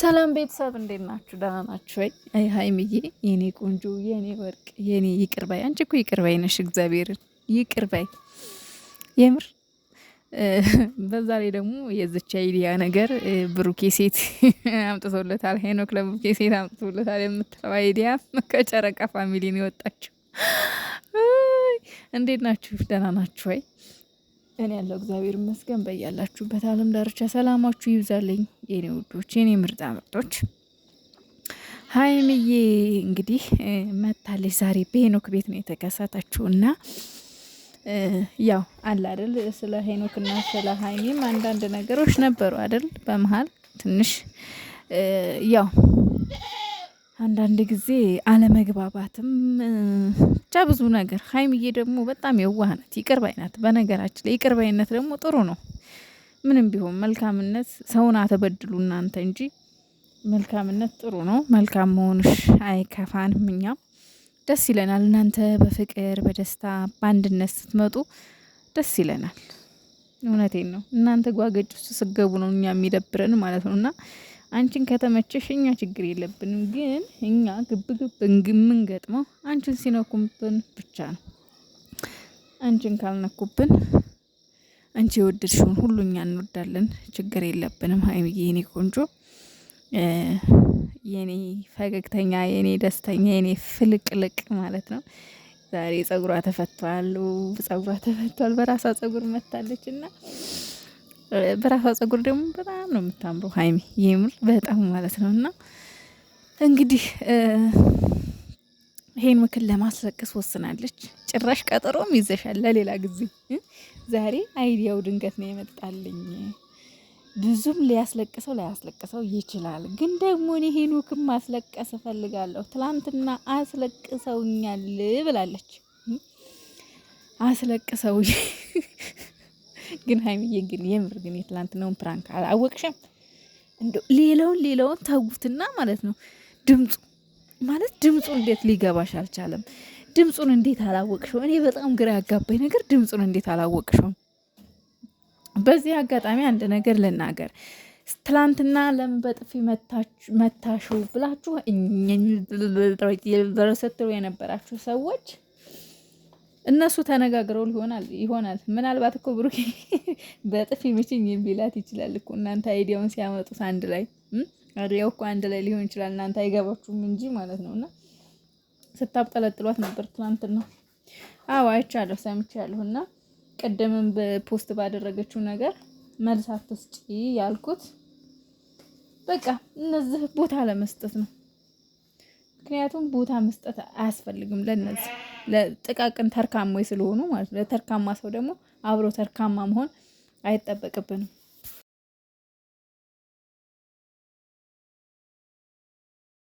ሰላም ቤተሰብ እንዴት ናችሁ? ደህና ናችሁ ወይ? አይ ሀይምዬ የኔ ቆንጆ የኔ ወርቅ የኔ ይቅር ባይ፣ አንቺ እኮ ይቅር ነሽ። እግዚአብሔርን ይቅር የምር። በዛ ላይ ደግሞ የዝች አይዲያ ነገር ብሩኬ ሴት አምጥቶለታል፣ ሄኖክ ለብሩኬ ሴት አምጥቶለታል የምትለው አይዲያ ከጨረቃ ፋሚሊ ነው የወጣችው። እንዴት ናችሁ? ደህና ናችሁ ወይ? እኔ ያለው እግዚአብሔር ይመስገን። በያላችሁበት ዓለም ዳርቻ ሰላማችሁ ይብዛልኝ የኔ ውዶች፣ የኔ ምርጣ ምርጦች። ሀይምዬ እንግዲህ መታለች ዛሬ በሄኖክ ቤት ነው እና ያው አለ አይደል ስለ ሄኖክና ስለ ሀይሜም አንዳንድ ነገሮች ነበሩ አይደል በመሀል ትንሽ ያው አንዳንድ ጊዜ አለመግባባትም ብቻ ብዙ ነገር። ሀይምዬ ደግሞ በጣም የዋህ ናት፣ ይቅር ባይ ናት። በነገራችን ላይ ይቅር ባይነት ደግሞ ጥሩ ነው። ምንም ቢሆን መልካምነት ሰውን አተበድሉ እናንተ እንጂ መልካምነት ጥሩ ነው። መልካም መሆንሽ አይከፋንም፣ እኛም ደስ ይለናል። እናንተ በፍቅር በደስታ በአንድነት ስትመጡ ደስ ይለናል። እውነቴን ነው። እናንተ ጓገጭ ስገቡ ነው እኛ የሚደብረን ማለት ነው እና አንቺን ከተመቸሽ እኛ ችግር የለብንም። ግን እኛ ግብ ግብ የምንገጥመው አንቺን ሲነኩብን ብቻ ነው። አንቺን ካልነኩብን አንቺ የወደድሽውን ሁሉ እኛ እንወዳለን፣ ችግር የለብንም። ሀይሚዬ የኔ ቆንጆ፣ የኔ ፈገግተኛ፣ የኔ ደስተኛ፣ የኔ ፍልቅልቅ ማለት ነው። ዛሬ ጸጉሯ ተፈቷል፣ ጸጉሯ ተፈቷል። በራሷ ጸጉር መታለች እና በራሷ ጸጉር ደግሞ በጣም ነው የምታምረው ሀይሚ የምር በጣም ማለት ነው። እና እንግዲህ ይሄን ምክር ለማስለቀስ ወስናለች። ጭራሽ ቀጠሮም ይዘሻል ለሌላ ጊዜ። ዛሬ አይዲያው ድንገት ነው የመጣልኝ። ብዙም ሊያስለቅሰው ላያስለቅሰው ይችላል። ግን ደግሞ እኔ ሄኖክም ማስለቀስ እፈልጋለሁ። ትላንትና አስለቅሰውኛል ብላለች። አስለቅሰው ግን ሀይሚዬ ግን የምር ግን የትላንትናውን ፕራንክ አላወቅሽም። እንደ ሌላውን ሌላውን ታጉትና ማለት ነው ድምፁ ማለት ድምፁ እንዴት ሊገባሽ አልቻለም? ድምፁን እንዴት አላወቅሽው? እኔ በጣም ግራ ያጋባኝ ነገር ድምፁን እንዴት አላወቅሽው? በዚህ አጋጣሚ አንድ ነገር ልናገር። ትላንትና ለምን በጥፊ መታሹ ብላችሁ ስትሉ የነበራችሁ ሰዎች እነሱ ተነጋግረው ሊሆናል ይሆናል። ምናልባት እኮ ብሩኬ በጥፊ ምችኝ የሚላት ይችላል እኮ እናንተ አይዲያውን ሲያመጡት አንድ ላይ አይዲያው እኮ አንድ ላይ ሊሆን ይችላል። እናንተ አይገባችሁም እንጂ ማለት ነው። እና ስታብጠለጥሏት ነበር ትናንትና ነው። አዎ አይቻለሁ፣ ሰምቻለሁ። እና ቅድምም በፖስት ባደረገችው ነገር መልስ አትስጪ ያልኩት በቃ እነዚህ ቦታ ለመስጠት ነው። ምክንያቱም ቦታ መስጠት አያስፈልግም። ለነዚህ ለጥቃቅን ተርካማ ስለሆኑ ማለት ለተርካማ ሰው ደግሞ አብሮ ተርካማ መሆን አይጠበቅብንም።